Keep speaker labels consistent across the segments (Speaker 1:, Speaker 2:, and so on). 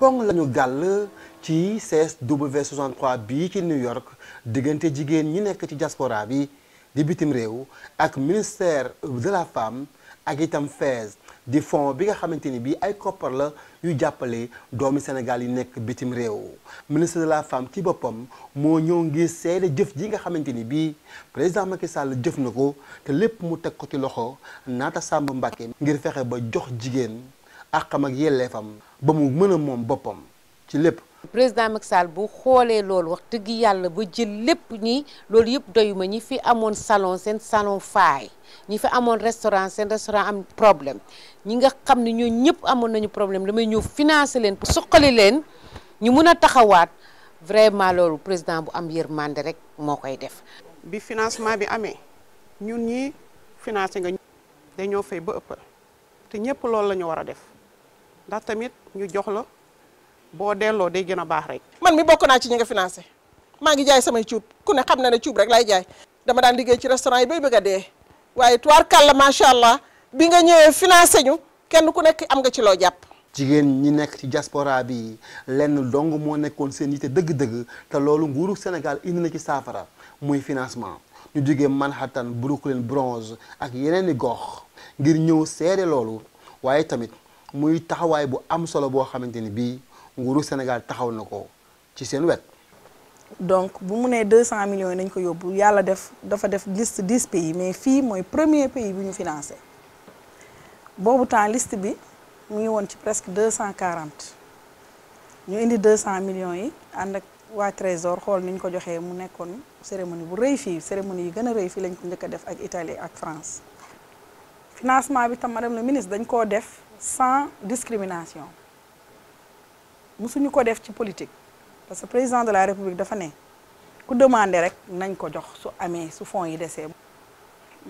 Speaker 1: poŋ lañu gal gàll ci CSW 63 bi ci New York diggante jigéen ñi nek ci diaspora bi di bitim réew ak ministère de la femme ak itam fez di fonds bi nga xamante bi ay koppar la yu jàppale doomi Sénégal yi nek bitim réew ministre de la femme ci boppam mo ñëw ngi sédé jëf ji nga xamante bi président Macky Sall jëf nako té lépp mu teg ko ci loxo Naata Samb Mbacke ngir fexé ba jox jigéen. àqam ak yelleefam ba mu mën a moom boppam ci lépp.
Speaker 2: président Macky Sall bu xoolee loolu wax dëgg yàlla ba jël lépp ñi loolu yëpp doyuma ñi fi amoon salon seen salon faay ñi fi amoon restaurant seen restaurant am problème ñi nga xam ne ñoo ñëpp amoon nañu problème damay ñëw financer leen suqali leen ñu mun a taxawaat vraiment loolu président bu am yërmande rek moo koy def. bi financement bi amee ñun ñi financé nga dañoo fay ba
Speaker 3: ëppal te ñëpp loolu la ñu war a def. ndax tamit ñu jox la bo delo day gëna a baax rek. man mi bokku na ci ñinga financer ma ngi jaay samay ciub ku ne xamna na ne ciub rek lay jaay dama daan liggéey ci restaurant yi bay bëgga dé waye tuar kala ma sha allah bi nga ñëwé financer
Speaker 1: ñu kenn ku nekk am nga ci lo japp jigen ñi nekk ci diaspora bi lenn dong mo nekkon seen yité deug deug té loolu nguuru Sénégal indi na ci safara muy financement ñu jógee Manhattan Brooklyn Bronx ak yeneen gox ngir ñëw sédé loolu waye tamit. muy taxawaay bu am solo boo xamante ni bii nguuru Sénégal taxaw na ko ci seen wet.
Speaker 4: donc bu mu nee 200 millions yi nañ ko yóbbu yàlla def dafa def liste 10 pays mais fii mooy premier pays bu ñu financé boobu temps liste bi mu ngi woon ci presque 240 ñu indi 200 millions yi ànd ak waa trésor xool ni ñu ko joxee mu nekkoon cérémonie bu rëy fii cérémonie yi gën a rëy fii lañ ko njëkk def ak Italie ak France. financement bi tam madame ministre dañ koo def sans discrimination musuñu ko def ci politique parce que président de la république a ne que demandé rek nañ ko jox su amee su fonds yi Je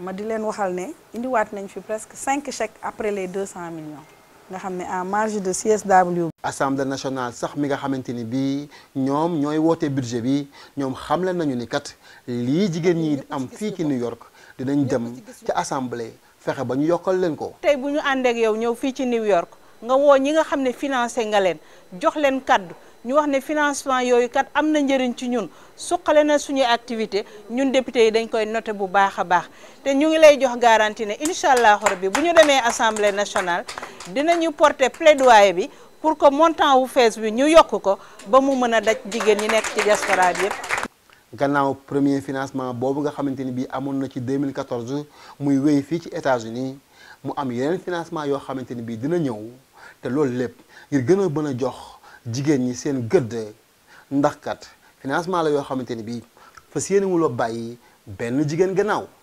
Speaker 4: ma di leen waxal ne indiwaat nañ fi presque 5 chèques après les 200 millions
Speaker 1: nga xam en marge de CSW. assemblée nationale sax mi nga xamante ni bii ñoom ñooy budget bi xam xamle nañu ni kat li jigen ñi am fi ci New York dinañ dem ci assemblée. fexe ba ñu yokkal leen ko.
Speaker 3: tey bu ñu àndeek yow ñëw fii ci New York nga woo ñi nga xam ne financer nga leen jox leen kàddu ñu wax ne financement yooyu kat am na njëriñ ci ñun suqale na suñuy activité ñun député yi dañ koy noté bu baax a baax te ñu ngi lay jox garantie ne incha allahu bi bu ñu demee assemblée nationale dinañu porter plaidoyer bi pour que montant wu fees bi ñu yokk ko ba mu mën a daj jigéen ñi nekk ci diaspora bi yëpp.
Speaker 1: gannaaw premier financement boobu nga xamante ni bii amoon na ci 2014 muy wéy fii ci États-Unis mu am yeneen financement yoo xamante ni bii dina ñëw te loolu lépp ngir gën a mën a jox jigéen ñi seen gëdd ndax kat financement la yoo xamante ni bii fas yéene wu la bàyyi benn jigéen gannaaw.